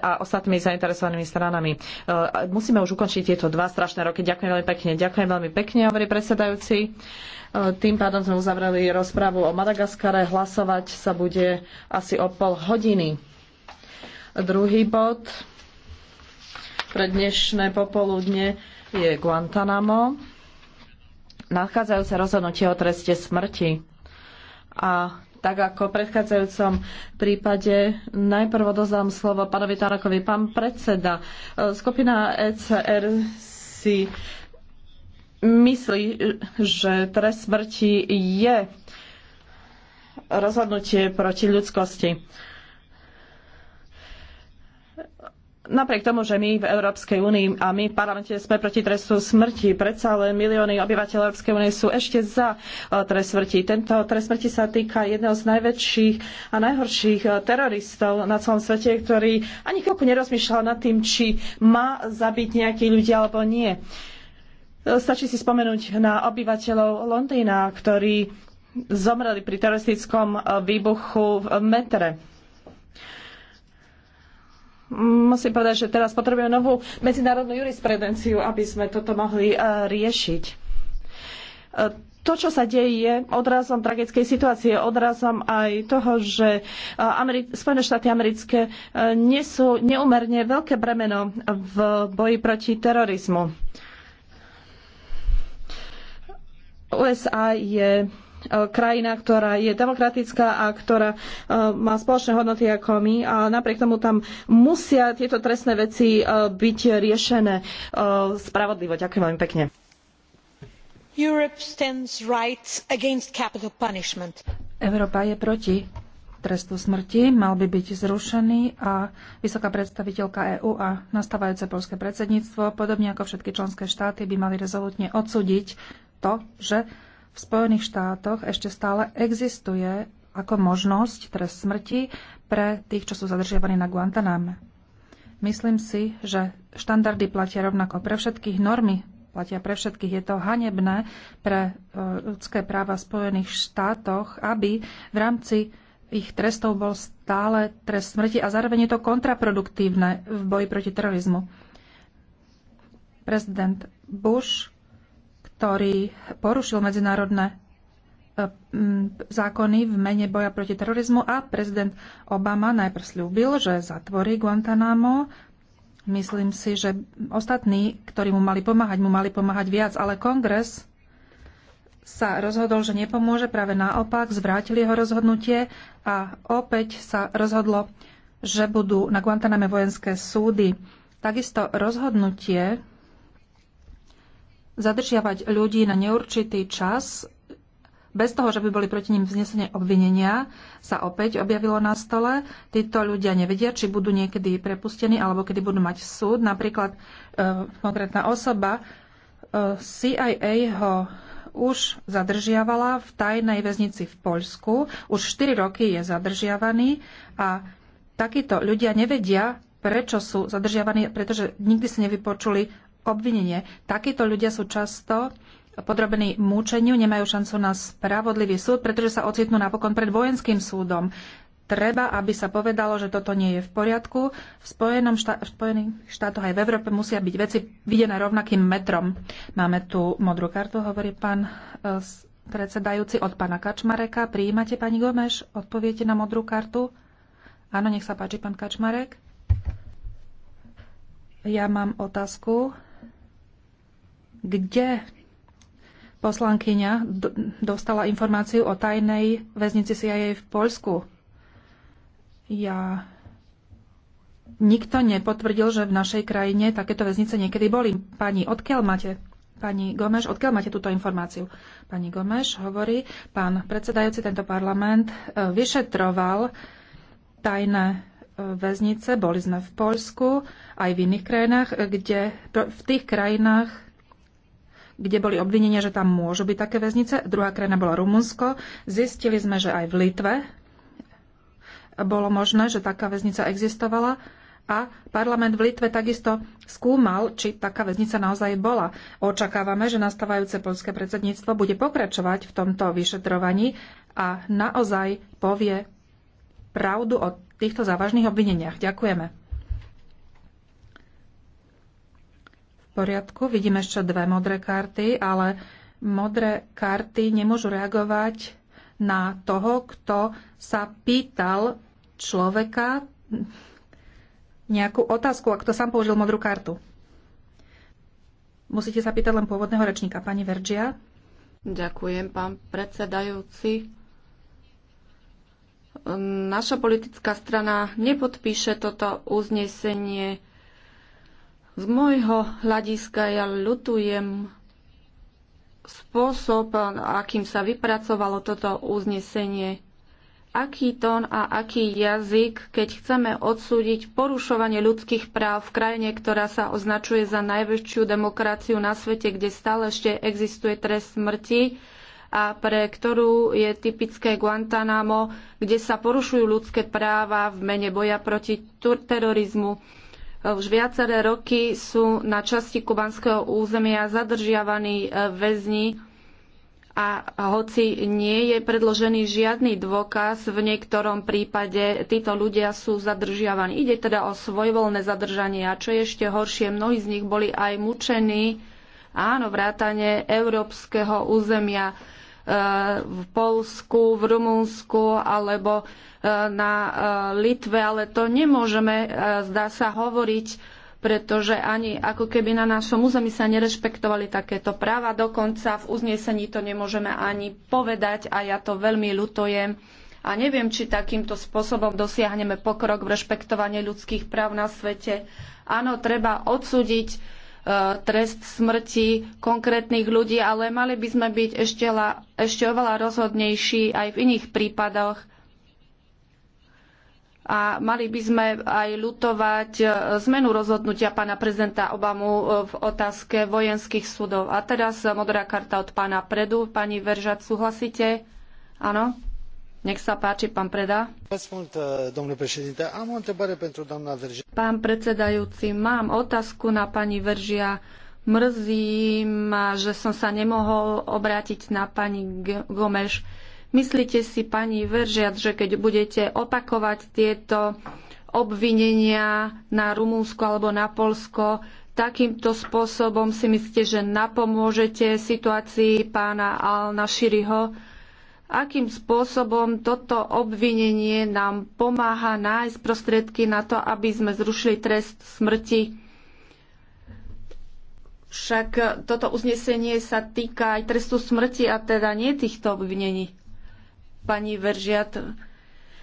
a ostatnými zainteresovanými stranami. E, musíme už ukončiť tieto dva strašné roky. Ďakujem veľmi pekne. Ďakujem veľmi pekne, hovorí predsedajúci. E, tým pádom sme uzavreli rozprávu o Madagaskare. Hlasovať sa bude asi o pol hodiny. Druhý bod pre dnešné popoludne je Guantanamo. sa rozhodnutie o treste smrti. A tak ako v predchádzajúcom prípade. Najprv odozdám slovo pánovi Tarakovi. Pán predseda, e, skupina ECR si myslí, že trest smrti je rozhodnutie proti ľudskosti. Napriek tomu, že my v Európskej únii a my v parlamente sme proti trestu smrti, predsa len milióny obyvateľov Európskej únie sú ešte za e, trest smrti. Tento trest smrti sa týka jedného z najväčších a najhorších e, teroristov na celom svete, ktorý ani chvíľku nerozmýšľal nad tým, či má zabiť nejakých ľudí alebo nie. E, stačí si spomenúť na obyvateľov Londýna, ktorí zomreli pri teroristickom výbuchu v metre musím povedať, že teraz potrebujeme novú medzinárodnú jurisprudenciu, aby sme toto mohli e, riešiť. E, to, čo sa deje, je odrazom tragickej situácie, odrazom aj toho, že e, Ameri- Spojené štáty americké nesú neumerne veľké bremeno v boji proti terorizmu. USA je E, krajina, ktorá je demokratická a ktorá e, má spoločné hodnoty ako my a napriek tomu tam musia tieto trestné veci e, byť riešené spravodlivo. Ďakujem veľmi pekne. Európa je proti trestu smrti, mal by byť zrušený a vysoká predstaviteľka EÚ a nastávajúce polské predsedníctvo, podobne ako všetky členské štáty, by mali rezolutne odsúdiť to, že v Spojených štátoch ešte stále existuje ako možnosť trest smrti pre tých, čo sú zadržiavaní na Guantaname. Myslím si, že štandardy platia rovnako pre všetkých, normy platia pre všetkých. Je to hanebné pre e, ľudské práva v Spojených štátoch, aby v rámci ich trestov bol stále trest smrti a zároveň je to kontraproduktívne v boji proti terorizmu. Prezident Bush ktorý porušil medzinárodné e, zákony v mene boja proti terorizmu a prezident Obama najprv slúbil, že zatvorí Guantanamo. Myslím si, že ostatní, ktorí mu mali pomáhať, mu mali pomáhať viac, ale kongres sa rozhodol, že nepomôže, práve naopak zvrátili jeho rozhodnutie a opäť sa rozhodlo, že budú na Guantaname vojenské súdy. Takisto rozhodnutie zadržiavať ľudí na neurčitý čas, bez toho, že by boli proti ním vznesené obvinenia, sa opäť objavilo na stole. Títo ľudia nevedia, či budú niekedy prepustení alebo kedy budú mať súd. Napríklad e, konkrétna osoba e, CIA ho už zadržiavala v tajnej väznici v Poľsku. Už 4 roky je zadržiavaný a takíto ľudia nevedia, prečo sú zadržiavaní, pretože nikdy si nevypočuli obvinenie. Takíto ľudia sú často podrobení múčeniu, nemajú šancu na spravodlivý súd, pretože sa ocitnú napokon pred vojenským súdom. Treba, aby sa povedalo, že toto nie je v poriadku. V, Spojenom šta- v Spojených štátoch aj v Európe musia byť veci videné rovnakým metrom. Máme tu modrú kartu, hovorí pán e, predsedajúci od pána Kačmareka. Prijímate, pani Gomeš? Odpoviete na modrú kartu? Áno, nech sa páči, pán Kačmarek. Ja mám otázku kde poslankyňa dostala informáciu o tajnej väznici CIA v Poľsku. Ja nikto nepotvrdil, že v našej krajine takéto väznice niekedy boli. Pani, odkiaľ máte? Pani Gomeš, odkiaľ máte túto informáciu? Pani Gomeš hovorí, pán predsedajúci, tento parlament e, vyšetroval tajné e, väznice, boli sme v Poľsku, aj v iných krajinách, e, kde v tých krajinách kde boli obvinenia, že tam môžu byť také väznice. Druhá krajina bola Rumunsko. Zistili sme, že aj v Litve bolo možné, že taká väznica existovala a parlament v Litve takisto skúmal, či taká väznica naozaj bola. Očakávame, že nastávajúce poľské predsedníctvo bude pokračovať v tomto vyšetrovaní a naozaj povie pravdu o týchto závažných obvineniach. Ďakujeme. poriadku, vidím ešte dve modré karty, ale modré karty nemôžu reagovať na toho, kto sa pýtal človeka nejakú otázku a kto sám použil modrú kartu. Musíte sa pýtať len pôvodného rečníka, pani Vergia. Ďakujem, pán predsedajúci. Naša politická strana nepodpíše toto uznesenie z môjho hľadiska ja ľutujem spôsob, akým sa vypracovalo toto uznesenie. Aký tón a aký jazyk, keď chceme odsúdiť porušovanie ľudských práv v krajine, ktorá sa označuje za najväčšiu demokraciu na svete, kde stále ešte existuje trest smrti a pre ktorú je typické Guantanamo, kde sa porušujú ľudské práva v mene boja proti terorizmu už viaceré roky sú na časti kubanského územia zadržiavaní e, väzni a hoci nie je predložený žiadny dôkaz, v niektorom prípade títo ľudia sú zadržiavaní. Ide teda o svojvoľné zadržanie a čo je ešte horšie, mnohí z nich boli aj mučení, áno, vrátane európskeho územia v Polsku, v Rumunsku alebo e, na e, Litve, ale to nemôžeme, e, zdá sa, hovoriť, pretože ani ako keby na našom území sa nerešpektovali takéto práva. Dokonca v uznesení to nemôžeme ani povedať a ja to veľmi ľutujem. A neviem, či takýmto spôsobom dosiahneme pokrok v rešpektovaní ľudských práv na svete. Áno, treba odsúdiť E, trest smrti konkrétnych ľudí, ale mali by sme byť ešte, la, ešte oveľa rozhodnejší aj v iných prípadoch a mali by sme aj lutovať e, zmenu rozhodnutia pána prezidenta Obamu e, v otázke vojenských súdov. A teraz modrá karta od pána Predu. Pani Veržat, súhlasíte? Áno? Nech sa páči, pán Preda. Uh, pán predsedajúci, mám otázku na pani Veržia. Mrzí ma, že som sa nemohol obrátiť na pani Gomeš. Myslíte si, pani Veržiac, že keď budete opakovať tieto obvinenia na Rumúnsko alebo na Polsko, takýmto spôsobom si myslíte, že napomôžete situácii pána Al-Nashiriho? akým spôsobom toto obvinenie nám pomáha nájsť prostriedky na to, aby sme zrušili trest smrti. Však toto uznesenie sa týka aj trestu smrti a teda nie týchto obvinení. Pani Veržiat,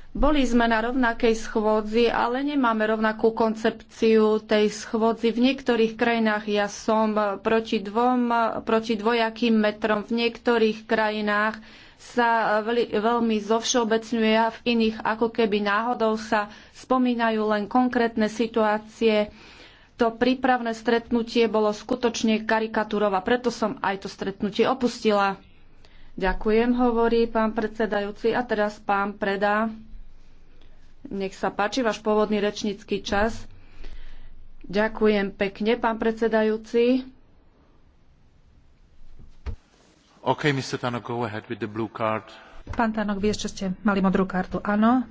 boli sme na rovnakej schôdzi, ale nemáme rovnakú koncepciu tej schôdzi. V niektorých krajinách ja som proti, dvom, proti dvojakým metrom, v niektorých krajinách sa eh, veľmi zovšeobecňuje a v iných ako keby náhodou sa spomínajú len konkrétne situácie. To prípravné stretnutie bolo skutočne karikatúrova, preto som aj to stretnutie opustila. Ďakujem, hovorí pán predsedajúci. A teraz pán predá. Nech sa páči váš pôvodný rečnícky čas. Ďakujem pekne, pán predsedajúci. Tanok, Pán tannock vy ešte ste mali modrú kartu. Áno,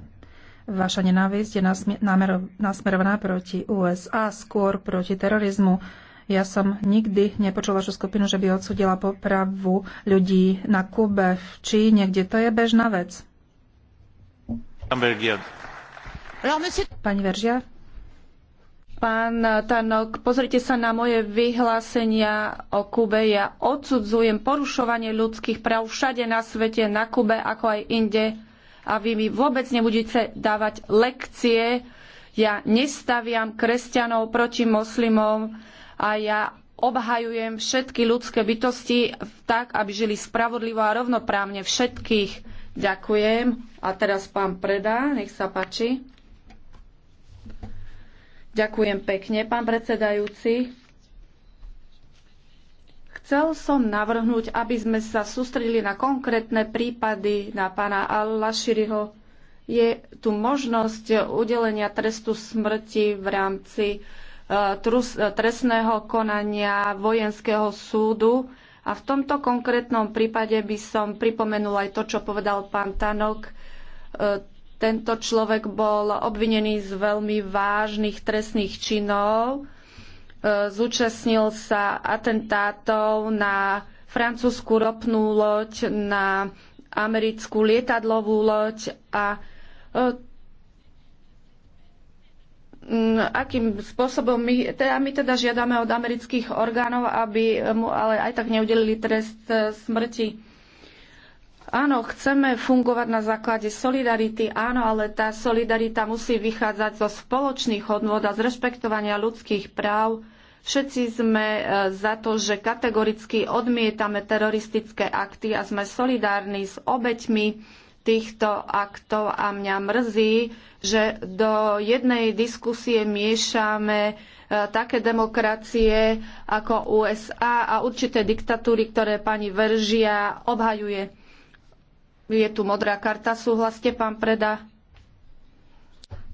vaša nenávisť je nasmerovaná proti USA, skôr proti terorizmu. Ja som nikdy nepočul vašu skupinu, že by odsudila popravu ľudí na Kube, v Číne, kde to je bežná vec. Pani Veržia, Pán Tanok, pozrite sa na moje vyhlásenia o Kube. Ja odsudzujem porušovanie ľudských práv všade na svete, na Kube ako aj inde. A vy mi vôbec nebudete dávať lekcie. Ja nestaviam kresťanov proti moslimom a ja obhajujem všetky ľudské bytosti tak, aby žili spravodlivo a rovnoprávne všetkých. Ďakujem. A teraz pán Preda, nech sa páči. Ďakujem pekne, pán predsedajúci. Chcel som navrhnúť, aby sme sa sústredili na konkrétne prípady na pána Al-Lashiriho. Je tu možnosť udelenia trestu smrti v rámci e, e, trestného konania vojenského súdu. A v tomto konkrétnom prípade by som pripomenul aj to, čo povedal pán Tanok e, tento človek bol obvinený z veľmi vážnych trestných činov. E, zúčastnil sa atentátov na francúzsku ropnú loď, na americkú lietadlovú loď a e, akým spôsobom my, teda my teda žiadame od amerických orgánov, aby mu ale aj tak neudelili trest e, smrti. Áno, chceme fungovať na základe solidarity, áno, ale tá solidarita musí vychádzať zo spoločných hodnôt a z rešpektovania ľudských práv. Všetci sme e, za to, že kategoricky odmietame teroristické akty a sme solidárni s obeťmi týchto aktov a mňa mrzí, že do jednej diskusie miešame e, také demokracie ako USA a určité diktatúry, ktoré pani Veržia obhajuje. Je tu modrá karta, súhlaste, pán Preda?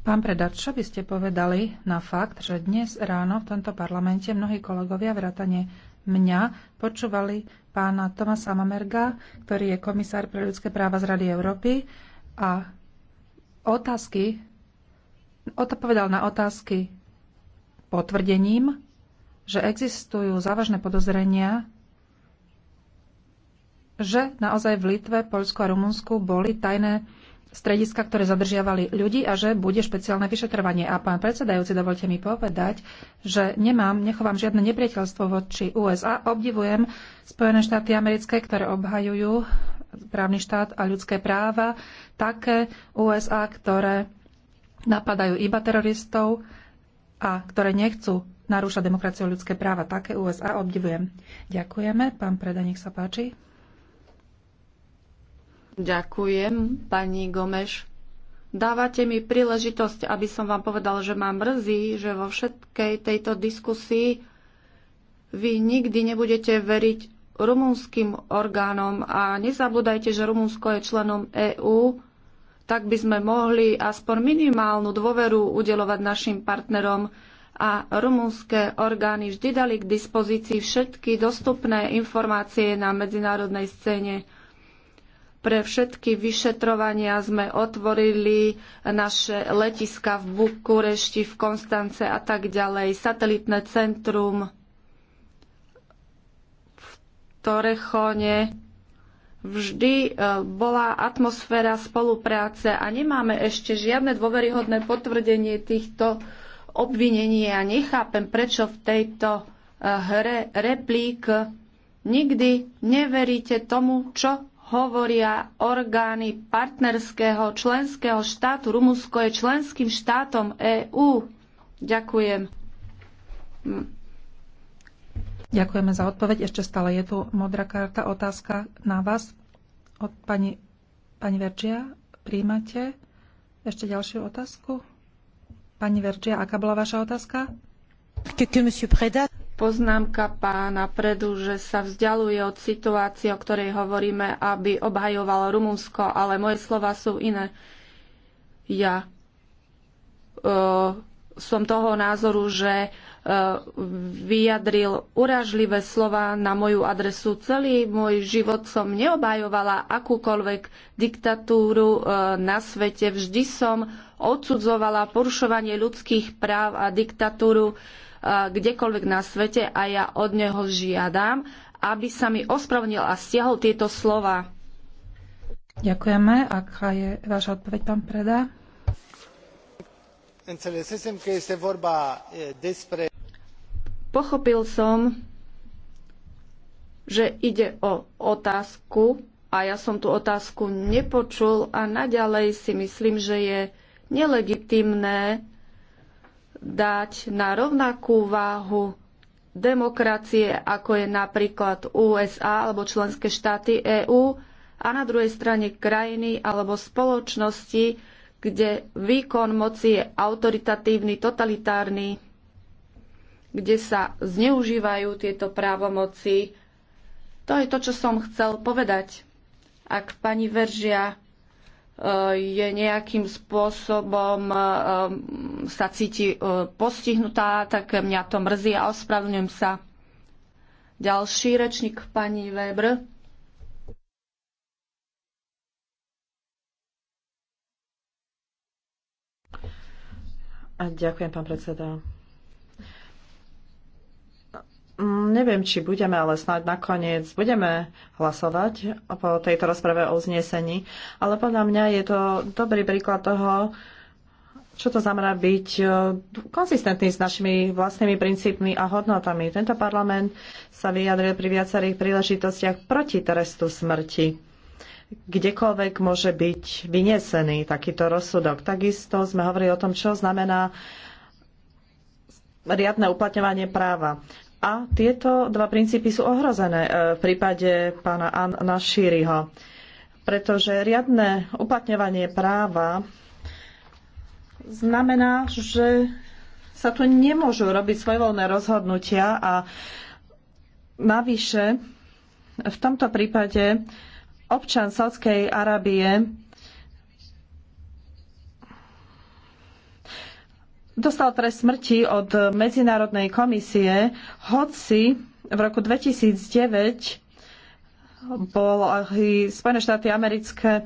Pán Preda, čo by ste povedali na fakt, že dnes ráno v tomto parlamente mnohí kolegovia vrátane mňa počúvali pána Tomasa Mamerga, ktorý je komisár pre ľudské práva z Rady Európy a otázky, odpovedal na otázky potvrdením, že existujú závažné podozrenia že naozaj v Litve, Poľsku a Rumunsku boli tajné strediska, ktoré zadržiavali ľudí a že bude špeciálne vyšetrovanie. A pán predsedajúci, dovolte mi povedať, že nemám, nechovám žiadne nepriateľstvo voči USA. Obdivujem Spojené štáty americké, ktoré obhajujú právny štát a ľudské práva, také USA, ktoré napadajú iba teroristov a ktoré nechcú narúšať demokraciu a ľudské práva. Také USA obdivujem. Ďakujeme. Pán Preda, nech sa páči. Ďakujem, pani Gomeš. Dávate mi príležitosť, aby som vám povedal, že ma mrzí, že vo všetkej tejto diskusii vy nikdy nebudete veriť rumúnskym orgánom a nezabúdajte, že Rumunsko je členom EÚ, tak by sme mohli aspoň minimálnu dôveru udelovať našim partnerom a rumúnske orgány vždy dali k dispozícii všetky dostupné informácie na medzinárodnej scéne pre všetky vyšetrovania sme otvorili naše letiska v Bukurešti, v Konstance a tak ďalej, satelitné centrum v Torechone. Vždy e, bola atmosféra spolupráce a nemáme ešte žiadne dôveryhodné potvrdenie týchto obvinení. a nechápem, prečo v tejto e, hre replík nikdy neveríte tomu, čo hovoria orgány partnerského členského štátu. Rumunsko je členským štátom EÚ. Ďakujem. Ďakujeme za odpoveď. Ešte stále je tu modrá karta. Otázka na vás od pani, pani Verčia. Príjmate ešte ďalšiu otázku? Pani Verčia, aká bola vaša otázka? poznámka pána Predu, že sa vzdialuje od situácie, o ktorej hovoríme, aby obhajoval Rumunsko, ale moje slova sú iné. Ja uh, som toho názoru, že e, vyjadril uražlivé slova na moju adresu. Celý môj život som neobhajovala akúkoľvek diktatúru e, na svete. Vždy som odsudzovala porušovanie ľudských práv a diktatúru uh, kdekoľvek na svete a ja od neho žiadam, aby sa mi ospravnil a stiahol tieto slova. Ďakujeme. Aká je váša odpoveď, pán Preda? E, Pochopil som, že ide o otázku a ja som tú otázku nepočul a naďalej si myslím, že je nelegitimné dať na rovnakú váhu demokracie, ako je napríklad USA alebo členské štáty EÚ a na druhej strane krajiny alebo spoločnosti, kde výkon moci je autoritatívny, totalitárny, kde sa zneužívajú tieto právomoci. To je to, čo som chcel povedať. Ak pani Veržia je nejakým spôsobom um, sa cíti uh, postihnutá, tak mňa to mrzí a ospravedlňujem sa. Ďalší rečník, pani Weber. A ďakujem, pán predseda. Mm, neviem, či budeme, ale snáď nakoniec budeme hlasovať po tejto rozprave o uznesení. Ale podľa mňa je to dobrý príklad toho, čo to znamená byť e, konzistentný s našimi vlastnými princípmi a hodnotami. Tento parlament sa vyjadril pri viacerých príležitostiach proti trestu smrti. Kdekoľvek môže byť vyniesený takýto rozsudok. Takisto sme hovorili o tom, čo znamená riadne uplatňovanie práva. A tieto dva princípy sú ohrozené e, v prípade pána Anna Šíriho, pretože riadne uplatňovanie práva znamená, že sa tu nemôžu robiť svojvoľné rozhodnutia a navyše v tomto prípade občan Sádskej Arábie dostal trest smrti od Medzinárodnej komisie, hoci v roku 2009 aj Spojené štáty americké eh,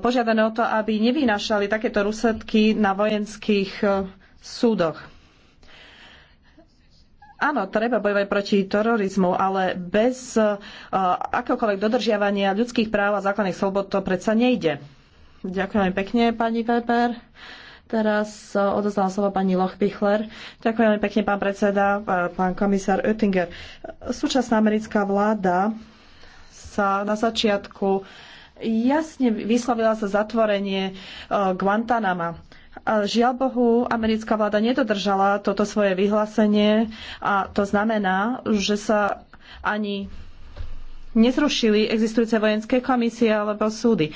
požiadané o to, aby nevynašali takéto rusetky na vojenských eh, súdoch. Áno, treba bojovať proti terorizmu, ale bez uh, akéhokoľvek dodržiavania ľudských práv a základných slobod to predsa nejde. Ďakujem pekne, pani Weber. Teraz eh, odozdám slovo pani Loch Pichler. Ďakujem pekne, pán predseda, eh, pán komisár Oettinger. Súčasná americká vláda sa na začiatku jasne vyslovila za zatvorenie eh, Guantanama. Žiaľ Bohu, americká vláda nedodržala toto svoje vyhlásenie a to znamená, že sa ani nezrušili existujúce vojenské komisie alebo súdy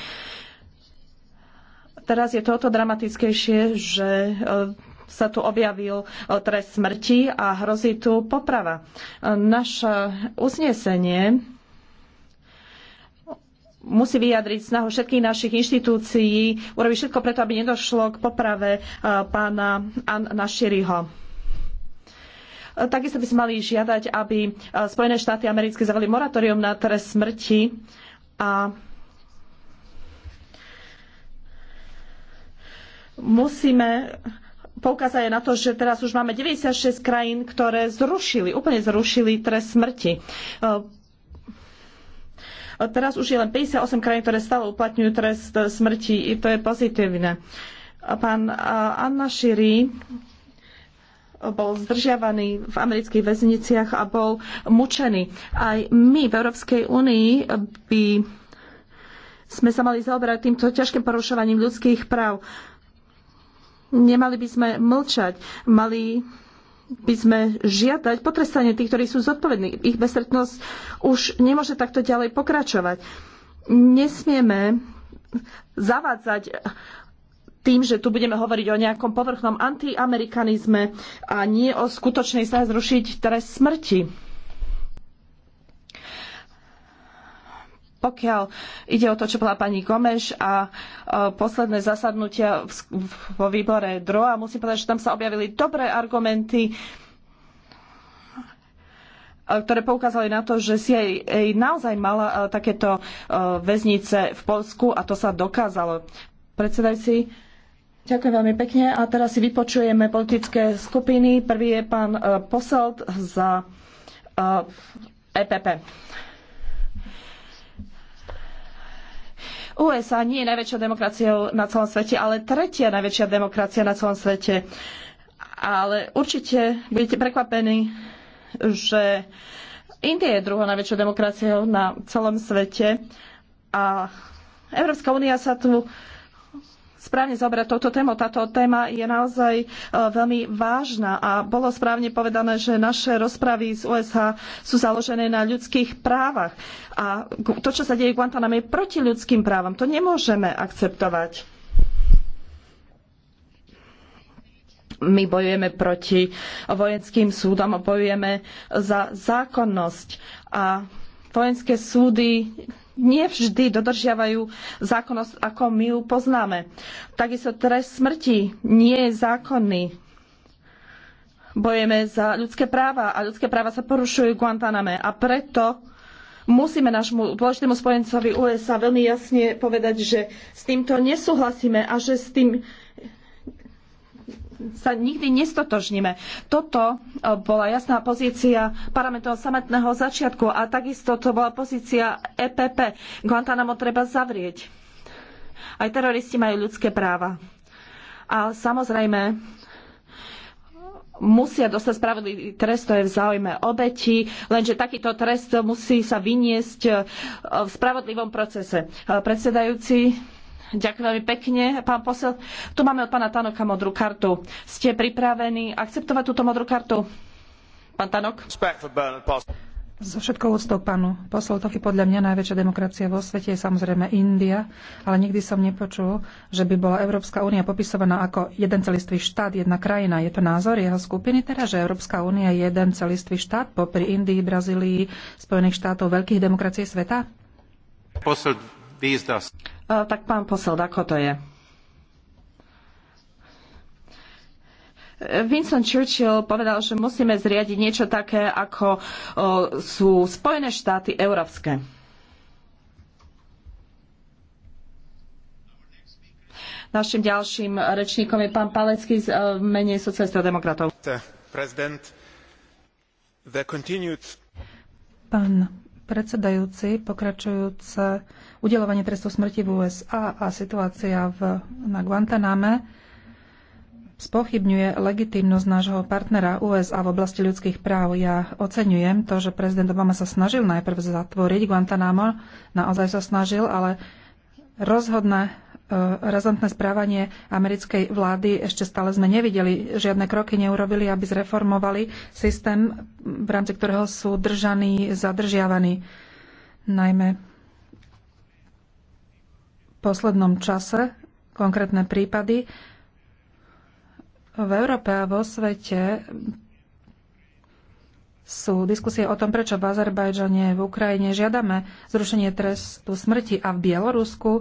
teraz je toto dramatickejšie, že e, sa tu objavil e, trest smrti a hrozí tu poprava. E, naše uznesenie musí vyjadriť snahu všetkých našich inštitúcií urobiť všetko preto, aby nedošlo k poprave pána Anna Naširiho. Takisto by sme mali žiadať, aby Spojené štáty americké zavali moratórium na trest smrti a musíme poukázať na to, že teraz už máme 96 krajín, ktoré zrušili, úplne zrušili trest smrti. E, teraz už je len 58 krajín, ktoré stále uplatňujú trest smrti. I to je pozitívne. Pán e, Anna Širi e, bol zdržiavaný v amerických väzniciach a bol mučený. Aj my v Európskej únii by sme sa mali zaoberať týmto ťažkým porušovaním ľudských práv. Uh, Nemali by sme mlčať, mali by sme žiadať potrestanie tých, ktorí sú zodpovední. Ich bezstretnosť už nemôže takto ďalej pokračovať. Nesmieme zavádzať tým, že tu budeme hovoriť o nejakom povrchnom antiamerikanizme a nie o skutočnej snahe zrušiť trest smrti Pokiaľ ide o to, čo bola pani Gomeš a e, posledné zasadnutia vo výbore a musím povedať, že tam sa objavili dobré argumenty, e, ktoré poukázali na to, že si aj, naozaj mala e, takéto väznice v Polsku a to sa dokázalo. Predsedajci, ďakujem veľmi pekne a teraz si vypočujeme politické skupiny. Prvý je pán Poselt za EPP. USA nie je najväčšou demokraciou na celom svete, ale tretia najväčšia demokracia na celom svete. Ale určite budete prekvapení, že India je druhou najväčšou demokraciou na celom svete a Európska únia sa tu správne zaoberať touto témou. Táto téma je naozaj e, veľmi vážna a bolo správne povedané, že naše rozpravy z USA sú založené na ľudských právach. A to, čo sa deje v Guantaname, je proti ľudským právam. To nemôžeme akceptovať. my bojujeme proti vojenským súdom, bojujeme za zákonnosť a vojenské súdy nevždy dodržiavajú zákonnosť, ako my ju poznáme. Takisto trest smrti nie je zákonný. Bojeme za ľudské práva a ľudské práva sa porušujú v Guantaname a preto musíme nášmu dôležitému spojencovi USA veľmi jasne povedať, že s týmto nesúhlasíme a že s tým sa nikdy nestotožníme. Toto e, bola jasná pozícia parlamentu od samotného začiatku a takisto to bola pozícia EPP. Guantanamo treba zavrieť. Aj teroristi majú ľudské práva. A samozrejme, musia dostať spravodlivý trest, to je v záujme obeti, lenže takýto trest musí sa vyniesť e, v spravodlivom procese. E, predsedajúci, Ďakujem veľmi pekne. Pán posel, tu máme od pána Tanoka modrú kartu. Ste pripravení akceptovať túto modrú kartu? Pán Tanok? So všetkou úctou pánu Posoltovi podľa mňa najväčšia demokracia vo svete je samozrejme India, ale nikdy som nepočul, že by bola Európska únia popisovaná ako jeden celistvý štát, jedna krajina. Je to názor jeho skupiny teda, že Európska únia je jeden celistvý štát popri Indii, Brazílii, Spojených štátov, veľkých demokracií sveta? Posol E, tak pán posel, ako to je? Winston Churchill povedal, že musíme zriadiť niečo také, ako e, sú Spojené štáty európske. Našim ďalším rečníkom je pán Palecký z e, mene socialistov demokratov. Pán predsedajúci, pokračujúce udelovanie trestu smrti v USA a situácia v, na Guantaname spochybňuje legitímnosť nášho partnera USA v oblasti ľudských práv. Ja oceňujem to, že prezident Obama sa snažil najprv zatvoriť Guantanamo, naozaj sa snažil, ale rozhodné Eh, razantné správanie americkej vlády ešte stále sme nevideli. Žiadne kroky neurobili, aby zreformovali systém, v rámci ktorého sú držaní, zadržiavaní. Najmä v poslednom čase konkrétne prípady v Európe a vo svete sú diskusie o tom, prečo v Azerbajdžane, v Ukrajine žiadame zrušenie trestu smrti a v Bielorusku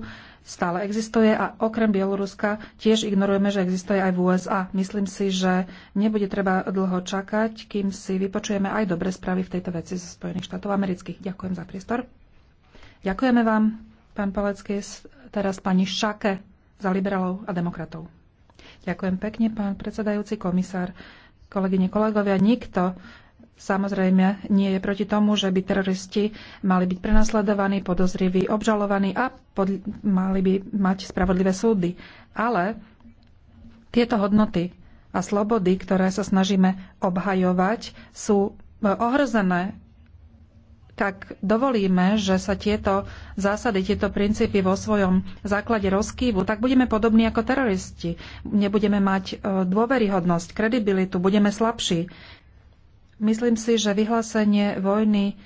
stále existuje a okrem Bieloruska tiež ignorujeme, že existuje aj v USA. Myslím si, že nebude treba dlho čakať, kým si vypočujeme aj dobre správy v tejto veci zo Spojených štátov amerických. Ďakujem za priestor. Ďakujeme vám, pán Palecký, teraz pani Šake za liberálov a demokratov. Ďakujem pekne, pán predsedajúci komisár, kolegyne, kolegovia. Nikto samozrejme nie je proti tomu, že by teroristi mali byť prenasledovaní, podozriví, obžalovaní a pod, mali by mať spravodlivé súdy. Ale tieto hodnoty a slobody, ktoré sa snažíme obhajovať, sú e, ohrozené, tak dovolíme, že sa tieto zásady, tieto princípy vo svojom základe rozkývu, tak budeme podobní ako teroristi. Nebudeme mať e, dôveryhodnosť, kredibilitu, budeme slabší. Myslím si, že vyhlásenie vojny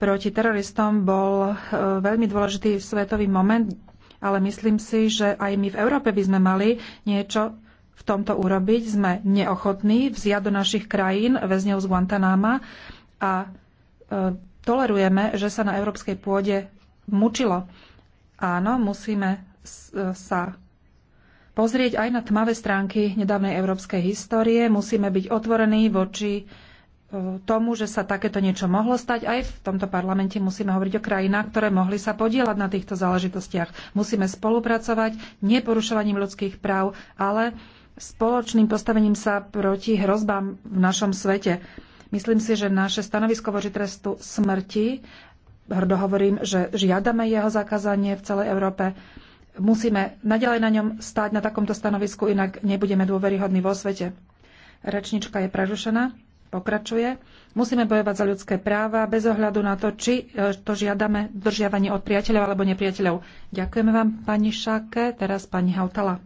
proti teroristom bol e, veľmi dôležitý svetový moment, ale myslím si, že aj my v Európe by sme mali niečo v tomto urobiť. Sme neochotní vziať do našich krajín väzňov z Guantanáma a e, tolerujeme, že sa na európskej pôde mučilo. Áno, musíme e, sa pozrieť aj na tmavé stránky nedávnej európskej histórie. Musíme byť otvorení voči tomu, že sa takéto niečo mohlo stať. Aj v tomto parlamente musíme hovoriť o krajinách, ktoré mohli sa podielať na týchto záležitostiach. Musíme spolupracovať neporušovaním ľudských práv, ale spoločným postavením sa proti hrozbám v našom svete. Myslím si, že naše stanovisko voči trestu smrti, hrdo hovorím, že žiadame jeho zakázanie v celej Európe, musíme naďalej na ňom stáť na takomto stanovisku, inak nebudeme dôveryhodní vo svete. Rečnička je prerušená pokračuje. Musíme bojovať za ľudské práva bez ohľadu na to, či e, to žiadame držiavanie od priateľov alebo nepriateľov. Ďakujeme vám, pani Šáke. Teraz pani Hautala.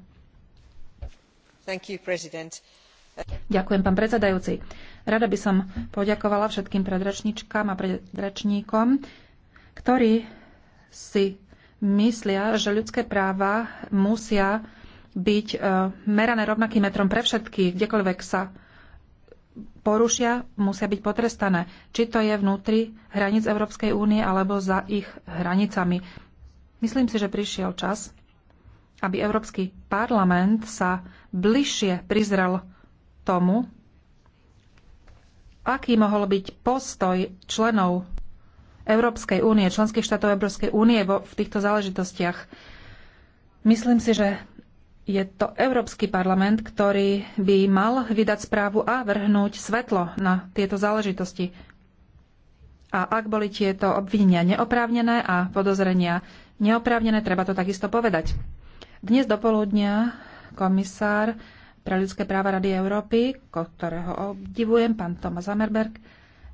Thank you, president. Ďakujem, pán predsedajúci. Rada by som poďakovala všetkým predračníčkám a predračníkom, ktorí si myslia, že ľudské práva musia byť e, merané rovnakým metrom pre všetkých, kdekoľvek sa porušia, musia byť potrestané. Či to je vnútri hranic Európskej únie alebo za ich hranicami. Myslím si, že prišiel čas, aby Európsky parlament sa bližšie prizrel tomu, aký mohol byť postoj členov Európskej únie, členských štátov Európskej únie vo, v týchto záležitostiach. Myslím si, že je to Európsky parlament, ktorý by mal vydať správu a vrhnúť svetlo na tieto záležitosti. A ak boli tieto obvinenia neoprávnené a podozrenia neoprávnené, treba to takisto povedať. Dnes dopoludnia komisár pre ľudské práva Rady Európy, ktorého obdivujem, pán Thomas Zamerberg,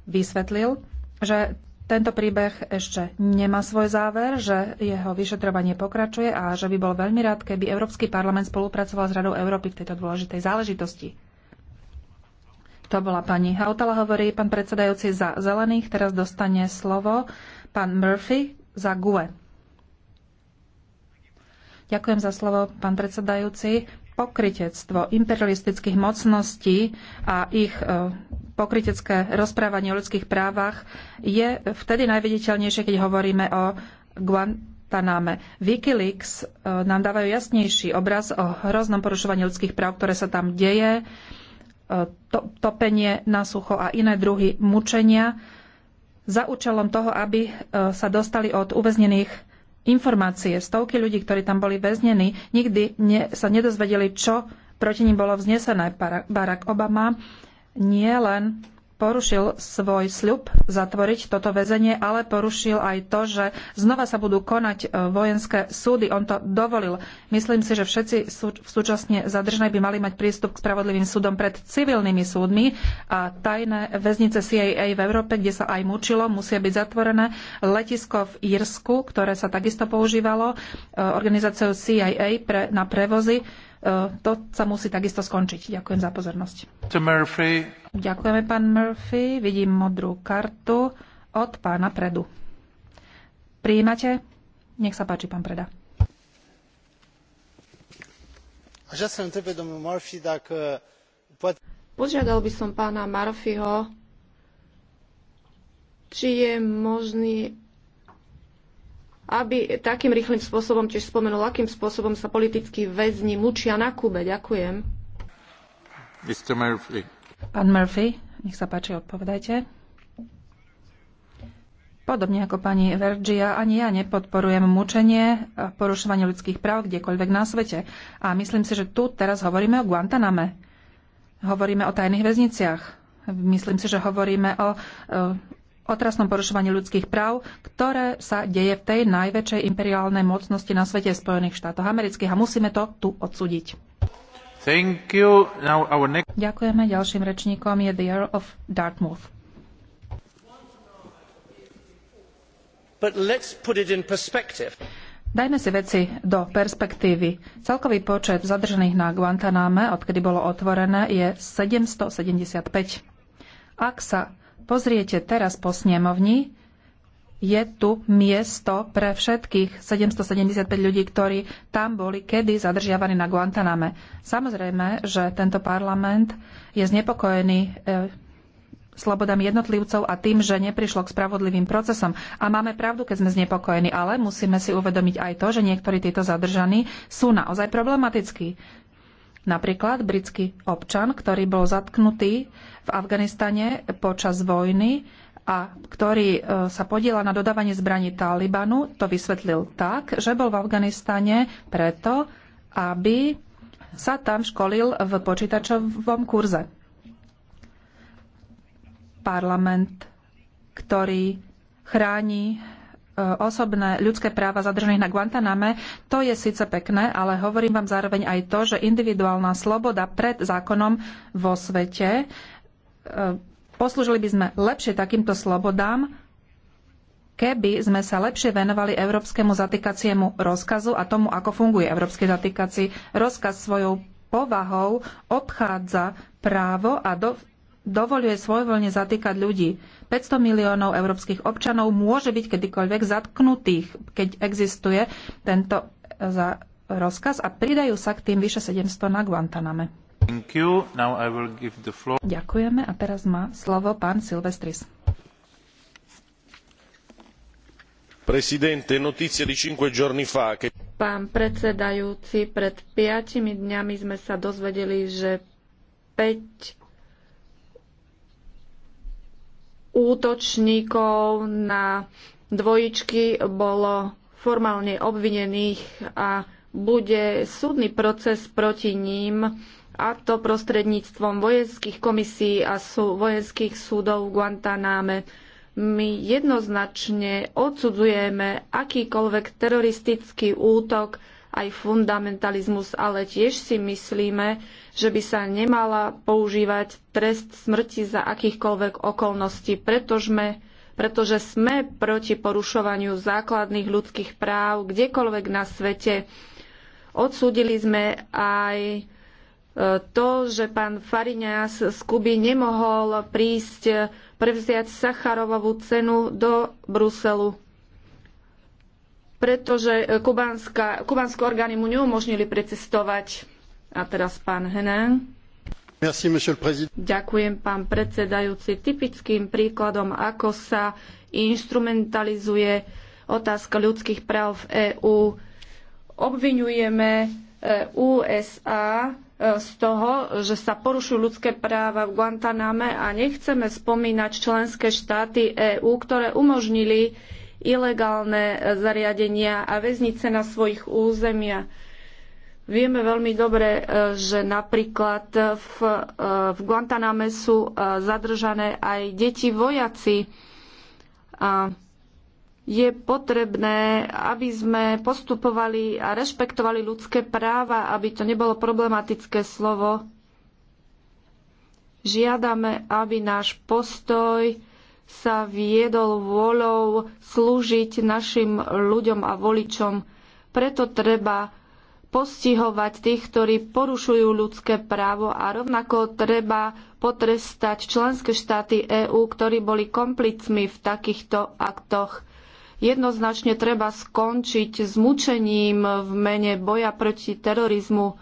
vysvetlil, že tento príbeh ešte nemá svoj záver, že jeho vyšetrovanie pokračuje a že by bol veľmi rád, keby Európsky parlament spolupracoval s Radou Európy v tejto dôležitej záležitosti. To bola pani Hautala, hovorí pán predsedajúci za zelených. Teraz dostane slovo pán Murphy za GUE. Ďakujem za slovo, pán predsedajúci pokritectvo imperialistických mocností a ich e, pokrytecké rozprávanie o ľudských právach je vtedy najviditeľnejšie, keď hovoríme o Guantaname. Wikileaks e, nám dávajú jasnejší obraz o hroznom porušovaní ľudských práv, ktoré sa tam deje, e, to, topenie na sucho a iné druhy mučenia za účelom toho, aby sa dostali od uväznených informácie. Stovky ľudí, ktorí tam boli väznení, nikdy ne, sa nedozvedeli, čo proti ním bolo vznesené. Barack Obama nie len porušil svoj sľub zatvoriť toto väzenie, ale porušil aj to, že znova sa budú konať e, vojenské súdy. On to dovolil. Myslím si, že všetci v súčasne zadržané by mali mať prístup k spravodlivým súdom pred civilnými súdmi a tajné väznice CIA v Európe, kde sa aj mučilo, musia byť zatvorené. Letisko v Írsku, ktoré sa takisto používalo e, organizáciou CIA pre, na prevozy, E, to sa musí takisto skončiť. Ďakujem za pozornosť. Ďakujeme, pán Murphy. Vidím modrú kartu od pána Predu. Prijímate? Nech sa páči, pán Preda. E, Požiadal by som pána Murphyho, či je možný aby takým rýchlým spôsobom tiež spomenul, akým spôsobom sa politickí väzni mučia na Kube. Ďakujem. Mr. Murphy. Pán Murphy, nech sa páči, odpovedajte. Podobne ako pani Vergia, ani ja nepodporujem mučenie a porušovanie ľudských práv kdekoľvek na svete. A myslím si, že tu teraz hovoríme o Guantaname. Hovoríme o tajných väzniciach. Myslím si, že hovoríme o e, otrasnom porušovaní ľudských práv, ktoré sa deje v tej najväčšej imperiálnej mocnosti na svete Spojených štátoch amerických a musíme to tu odsúdiť. Next... Ďakujeme. Ďalším rečníkom je The Earl of Dartmouth. Dajme si veci do perspektívy. Celkový počet zadržených na Guantaname, odkedy bolo otvorené, je 775. Ak sa pozriete teraz po snemovni, je tu miesto pre všetkých 775 ľudí, ktorí tam boli kedy zadržiavaní na Guantaname. Samozrejme, že tento parlament je znepokojený e, slobodami jednotlivcov a tým, že neprišlo k spravodlivým procesom. A máme pravdu, keď sme znepokojení, ale musíme si uvedomiť aj to, že niektorí títo zadržaní sú naozaj problematickí. Napríklad britský občan, ktorý bol zatknutý v Afganistane počas vojny a ktorý e, sa podiela na dodávanie zbraní Talibanu, to vysvetlil tak, že bol v Afganistane preto, aby sa tam školil v počítačovom kurze. Parlament, ktorý chráni osobné ľudské práva zadržených na Guantaname, to je síce pekné, ale hovorím vám zároveň aj to, že individuálna sloboda pred zákonom vo svete, e, poslúžili by sme lepšie takýmto slobodám, keby sme sa lepšie venovali európskemu zatýkaciemu rozkazu a tomu, ako funguje európsky zatýkací rozkaz svojou povahou, obchádza právo a do, dovoluje svojvoľne zatýkať ľudí. 500 miliónov európskych občanov môže byť kedykoľvek zatknutých, keď existuje tento e, za rozkaz a pridajú sa k tým vyše 700 na Guantaname. Ďakujeme a teraz má slovo pán Silvestris. Presidente, notizie di 5 giorni fa che... Pán predsedajúci, pred piatimi dňami sme sa dozvedeli, že 5 útočníkov na dvojičky bolo formálne obvinených a bude súdny proces proti ním a to prostredníctvom vojenských komisí a sú, vojenských súdov v Guantanáme. My jednoznačne odsudzujeme akýkoľvek teroristický útok aj fundamentalizmus, ale tiež si myslíme, že by sa nemala používať trest smrti za akýchkoľvek okolností, pretože sme, pretože sme proti porušovaniu základných ľudských práv kdekoľvek na svete. Odsúdili sme aj e, to, že pán Fariňas z Kuby nemohol prísť e, prevziať Sacharovovú cenu do Bruselu pretože e, kubánske orgány mu neumožnili precestovať. A teraz pán Henen. Merci, Ďakujem, pán predsedajúci. Typickým príkladom, ako sa instrumentalizuje otázka ľudských práv v EÚ, obvinujeme e, USA e, z toho, že sa porušujú ľudské práva v Guantaname a nechceme spomínať členské štáty EÚ, ktoré umožnili ilegálne e, zariadenia a väznice na svojich územia. Vieme veľmi dobre, e, že napríklad v, e, v Guantaname sú zadržané aj deti vojaci. A je potrebné, aby sme postupovali a rešpektovali ľudské práva, aby to nebolo problematické slovo. Žiadame, aby náš postoj sa viedol vôľou slúžiť našim ľuďom a voličom. Preto treba postihovať tých, ktorí porušujú ľudské právo a rovnako treba potrestať členské štáty EÚ, ktorí boli komplicmi v takýchto aktoch. Jednoznačne treba skončiť s mučením v mene boja proti terorizmu.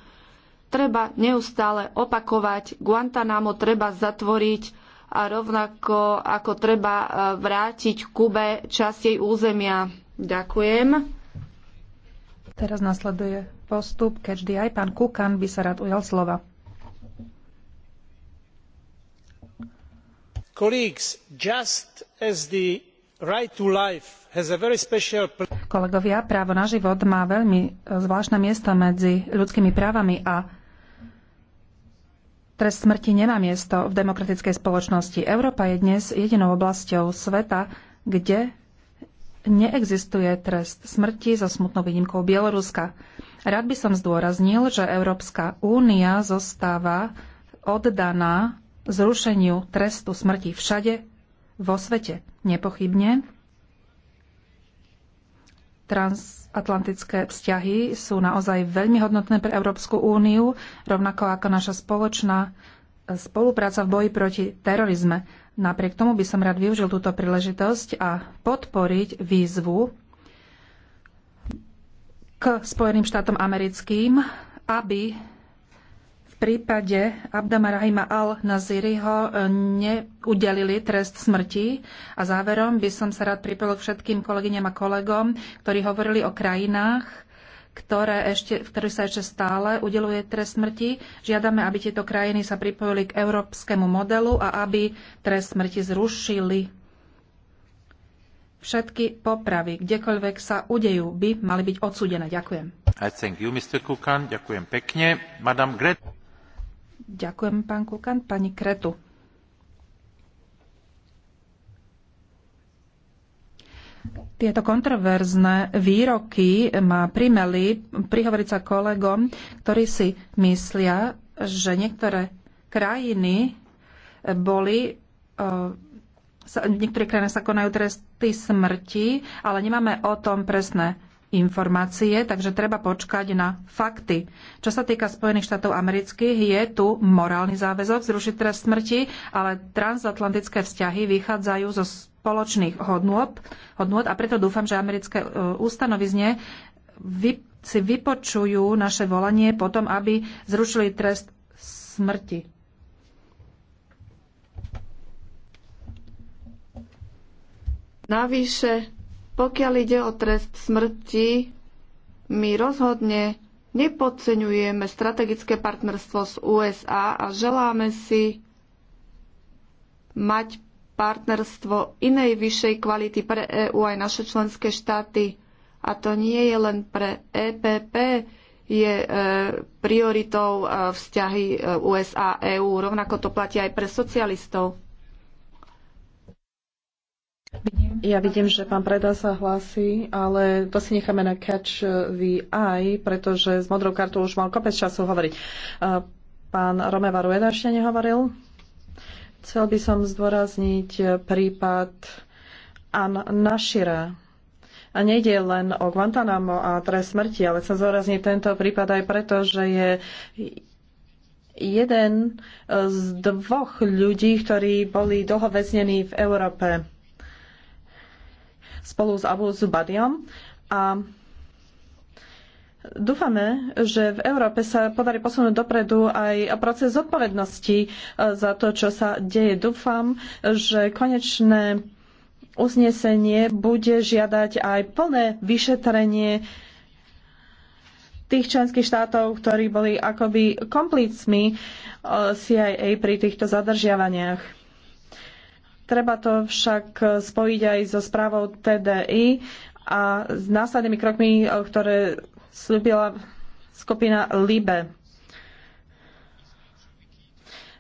Treba neustále opakovať, Guantanamo treba zatvoriť a rovnako ako treba e, vrátiť Kube časť jej územia. Ďakujem. Teraz nasleduje postup, keďže aj pán Kukan by sa rád ujal slova. Colleagues, just as the right to life has a very special Kolegovia, právo na život má veľmi e, zvláštne miesto medzi ľudskými právami a Trest smrti nemá miesto v demokratickej spoločnosti. Európa je dnes jedinou oblasťou sveta, kde neexistuje trest smrti so smutnou výnimkou Bieloruska. Rád by som zdôraznil, že Európska únia zostáva oddaná zrušeniu trestu smrti všade vo svete. Nepochybne transatlantické vzťahy sú naozaj veľmi hodnotné pre Európsku úniu, rovnako ako naša spoločná e, spolupráca v boji proti terorizme. Napriek tomu by som rád využil túto príležitosť a podporiť výzvu k Spojeným štátom americkým, aby prípade Abdama Rahima al-Naziriho e, neudelili trest smrti. A záverom by som sa rád pripojil k všetkým kolegyňam a kolegom, ktorí hovorili o krajinách, ktoré ešte, v ktorých sa ešte stále udeluje trest smrti. Žiadame, aby tieto krajiny sa pripojili k európskemu modelu a aby trest smrti zrušili. Všetky popravy, kdekoľvek sa udejú, by mali byť odsúdené. Ďakujem. You, Ďakujem pekne. Madame Gret. Ďakujem, pán Kukan. Pani Kretu. Tieto kontroverzné výroky ma primeli prihovoriť sa kolegom, ktorí si myslia, že niektoré krajiny boli eh, niektoré krajinách sa konajú tresty smrti, ale nemáme o tom presné informácie, takže treba počkať na fakty. Čo sa týka Spojených štátov amerických, je tu morálny záväzok zrušiť trest smrti, ale transatlantické vzťahy vychádzajú zo spoločných hodnôt, hodnôt a preto dúfam, že americké ústanovizne e, vy, si vypočujú naše volanie potom, aby zrušili trest smrti. Navyše pokiaľ ide o trest smrti, my rozhodne nepodceňujeme strategické partnerstvo s USA a želáme si mať partnerstvo inej vyššej kvality pre EÚ aj naše členské štáty. A to nie je len pre EPP, je e, prioritou e, vzťahy e, USA-EÚ. Rovnako to platí aj pre socialistov. Ja vidím, že pán Preda sa hlási, ale to si necháme na catch the eye, pretože s modrou kartou už mal kopec času hovoriť. Pán Romeva Rueda ešte nehovoril. Chcel by som zdôrazniť prípad An Našira. A nejde len o Guantanamo a trest smrti, ale chcem zdôrazniť tento prípad aj preto, že je jeden z dvoch ľudí, ktorí boli dlho väznení v Európe spolu s Abu Zubadiom a Dúfame, že v Európe sa podarí posunúť dopredu aj proces zodpovednosti e, za to, čo sa deje. Dúfam, že konečné uznesenie bude žiadať aj plné vyšetrenie tých členských štátov, ktorí boli akoby komplicmi e, CIA pri týchto zadržiavaniach Treba to však e, spojiť aj so správou TDI a s následnými krokmi, e, ktoré slúbila skupina LIBE.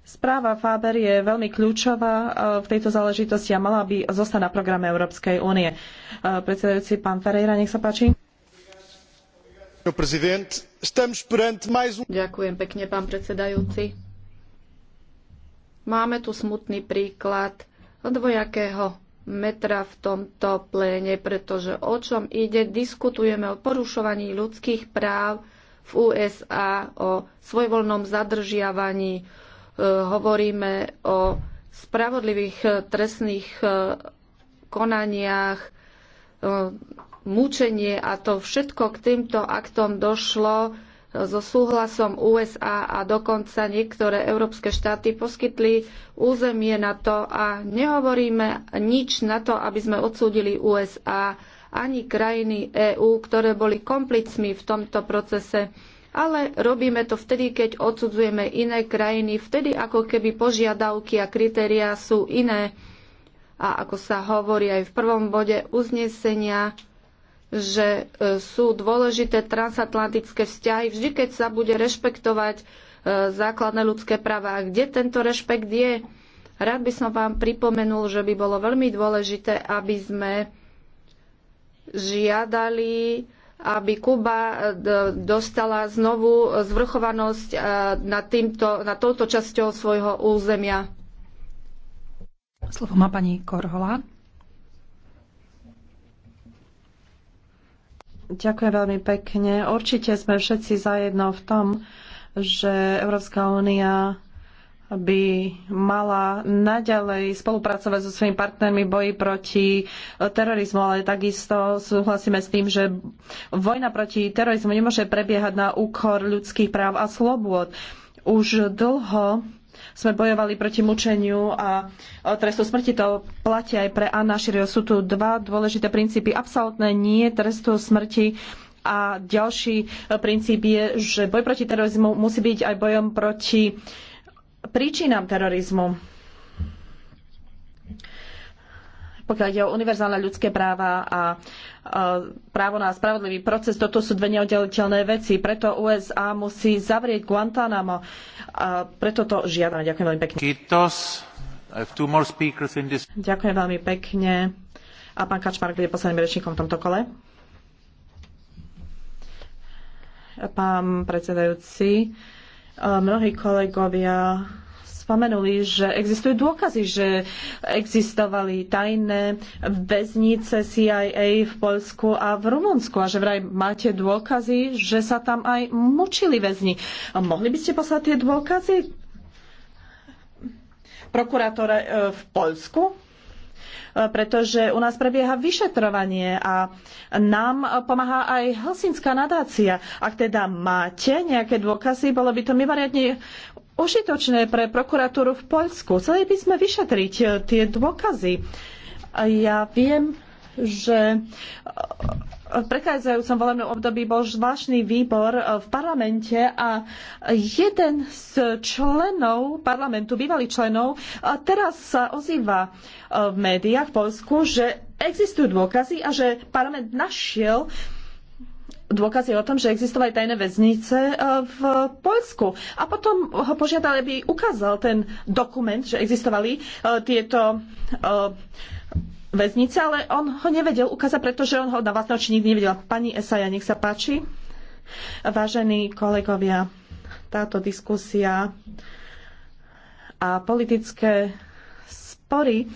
Správa Faber je veľmi kľúčová e, v tejto záležitosti a mala by zostať na programe Európskej únie. Predsedajúci pán Ferreira, nech sa páči. Ďakujem pekne, pán predsedajúci. Máme tu smutný príklad dvojakého metra v tomto pléne, pretože o čom ide, diskutujeme o porušovaní ľudských práv v USA, o svojvoľnom zadržiavaní, e, hovoríme o spravodlivých e, trestných e, konaniach, mučenie a to všetko k týmto aktom došlo so súhlasom USA a dokonca niektoré európske štáty poskytli územie na to a nehovoríme nič na to, aby sme odsúdili USA ani krajiny EÚ, ktoré boli komplicmi v tomto procese. Ale robíme to vtedy, keď odsudzujeme iné krajiny, vtedy ako keby požiadavky a kritériá sú iné. A ako sa hovorí aj v prvom bode uznesenia, že e, sú dôležité transatlantické vzťahy vždy, keď sa bude rešpektovať e, základné ľudské práva. A kde tento rešpekt je? Rád by som vám pripomenul, že by bolo veľmi dôležité, aby sme žiadali, aby Kuba e, dostala znovu zvrchovanosť nad, týmto, nad touto časťou svojho územia. Slovo má pani Korhola. Ďakujem veľmi pekne. Určite sme všetci zajedno v tom, že Európska únia by mala naďalej spolupracovať so svojimi partnermi v boji proti terorizmu, ale takisto súhlasíme s tým, že vojna proti terorizmu nemôže prebiehať na úkor ľudských práv a slobôd. Už dlho sme bojovali proti mučeniu a trestu smrti. To platí aj pre Anna Širio. Sú tu dva dôležité princípy. Absolutné nie trestu smrti a ďalší e, princíp je, že boj proti terorizmu musí byť aj bojom proti príčinám terorizmu pokiaľ ide o univerzálne ľudské práva a právo na spravodlivý proces. Toto sú dve neoddeliteľné veci. Preto USA musí zavrieť Guantánamo. A preto to žiadame. Ďakujem veľmi pekne. Ďakujem veľmi pekne. A pán Kačmark bude posledným rečníkom v tomto kole. Pán predsedajúci, e, mnohí kolegovia spomenuli, že existujú dôkazy, že existovali tajné väznice CIA v Poľsku a v Rumunsku a že vraj máte dôkazy, že sa tam aj mučili väzni. Mohli by ste poslať tie dôkazy prokurátore e, v Poľsku? E, pretože u nás prebieha vyšetrovanie a nám pomáha aj Helsinská nadácia. Ak teda máte nejaké dôkazy, bolo by to mimoriadne užitočné pre prokuratúru v Poľsku. Chceli by sme vyšetriť e, tie dôkazy. Ja viem, že e, v prechádzajúcom volebnom období bol zvláštny výbor e, v parlamente a jeden z členov parlamentu, bývalých členov, teraz sa ozýva v médiách v Polsku, že existujú dôkazy a že parlament našiel dôkazy o tom, že existovali tajné väznice e, v Poľsku. A potom ho požiadali, aby ukázal ten dokument, že existovali e, tieto e, väznice, ale on ho nevedel ukázať, pretože on ho na vlastné oči nikdy nevedel. Pani Esaja, nech sa páči. Vážení kolegovia, táto diskusia a politické spory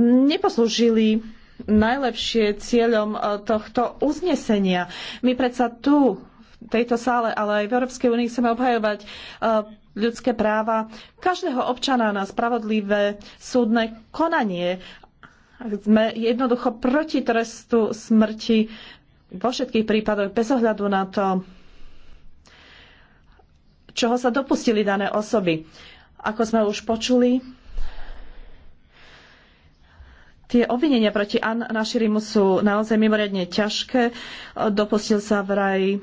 neposlúžili najlepšie cieľom e, tohto uznesenia. My predsa tu, v tejto sále, ale aj v Európskej únii chceme obhajovať e, ľudské práva každého občana na spravodlivé súdne konanie. Sme jednoducho proti trestu smrti vo všetkých prípadoch, bez ohľadu na to, čoho sa dopustili dané osoby. Ako sme už počuli, Tie obvinenia proti An Naširimu sú naozaj mimoriadne ťažké. Dopustil sa vraj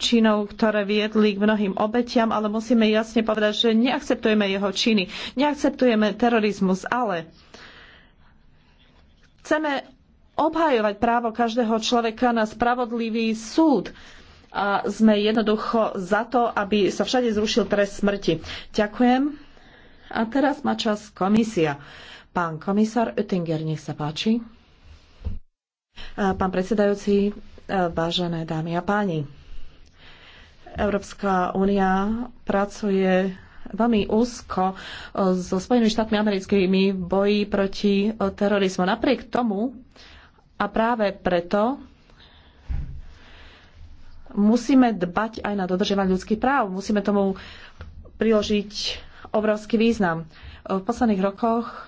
činov, ktoré viedli k mnohým obetiam, ale musíme jasne povedať, že neakceptujeme jeho činy. Neakceptujeme terorizmus, ale chceme obhajovať právo každého človeka na spravodlivý súd a sme jednoducho za to, aby sa všade zrušil trest smrti. Ďakujem. A teraz má čas komisia. Pán komisár Oettinger, nech sa páči. Pán predsedajúci, vážené dámy a páni. Európska únia pracuje veľmi úzko so Spojenými štátmi americkými v boji proti terorizmu. Napriek tomu a práve preto musíme dbať aj na dodržovanie ľudských práv. Musíme tomu priložiť obrovský význam. V posledných rokoch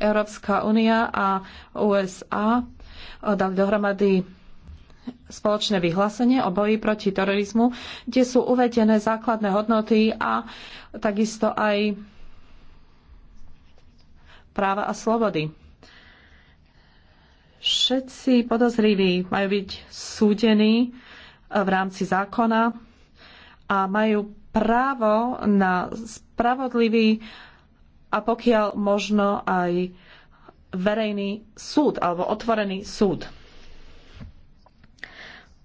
Európska únia a USA dali dohromady spoločné vyhlásenie o boji proti terorizmu, kde sú uvedené základné hodnoty a takisto aj práva a slobody. Všetci podozriví majú byť súdení v rámci zákona a majú právo na spravodlivý a pokiaľ možno aj verejný súd alebo otvorený súd.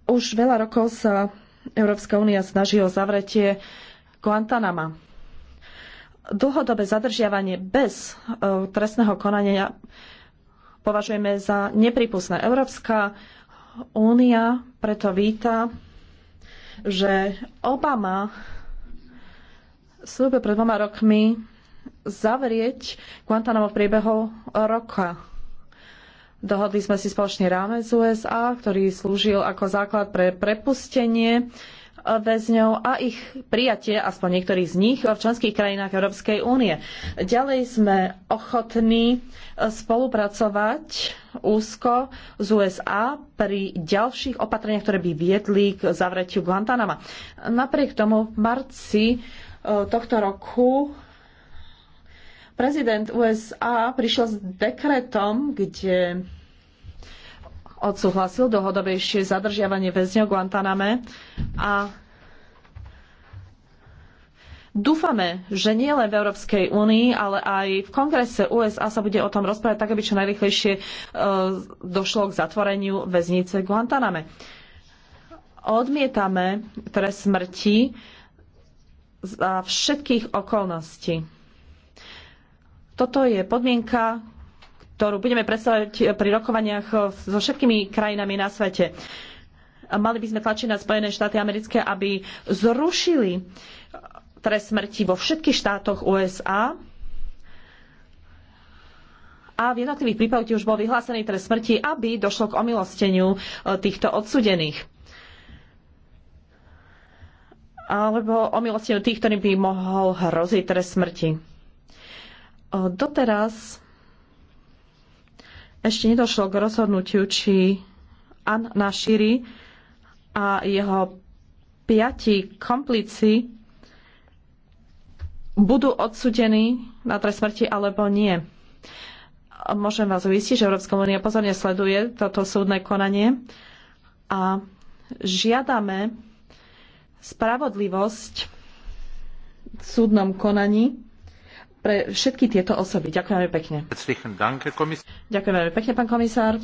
Už veľa rokov sa Európska únia snaží o zavretie Guantanama. Dlhodobé zadržiavanie bez e, trestného konania považujeme za nepripustné. Európska únia preto víta, že Obama slúbe pred dvoma rokmi zavrieť Guantanamo v priebehu roka. Dohodli sme si spoločný rámec USA, ktorý slúžil ako základ pre prepustenie väzňov a ich prijatie, aspoň niektorých z nich, v členských krajinách Európskej únie. Ďalej sme ochotní spolupracovať úzko z USA pri ďalších opatreniach, ktoré by viedli k zavretiu Guantanama. Napriek tomu v marci eh, tohto roku Prezident USA prišiel s dekretom, kde odsúhlasil dlhodobejšie zadržiavanie väzňov Guantaname a dúfame, že nie len v Európskej únii, ale aj v kongrese USA sa bude o tom rozprávať tak, aby čo najrychlejšie e, došlo k zatvoreniu väznice Guantaname. Odmietame trest smrti za všetkých okolností. Toto je podmienka, ktorú budeme predstavovať pri rokovaniach so všetkými krajinami na svete. Mali by sme tlačiť na Spojené štáty americké, aby zrušili trest smrti vo všetkých štátoch USA a v jednotlivých prípadoch, už bol vyhlásený trest smrti, aby došlo k omilosteniu e, týchto odsudených. Alebo omilosteniu tých, ktorým by mohol hroziť trest smrti. Doteraz ešte nedošlo k rozhodnutiu, či An Nashiri a jeho piati komplici budú odsudení na trest smrti alebo nie. Môžem vás uistiť, že Európska únia pozorne sleduje toto súdne konanie a žiadame spravodlivosť v súdnom konaní pre všetky tieto osoby. Ďakujem veľmi pekne. Ďakujem veľmi pekne, pán komisár.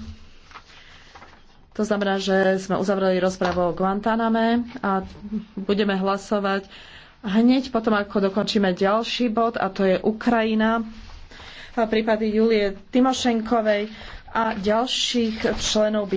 To znamená, že sme uzavreli rozprávu o Guantaname a budeme hlasovať hneď potom, ako dokončíme ďalší bod, a to je Ukrajina, a prípady Julie Timošenkovej a ďalších členov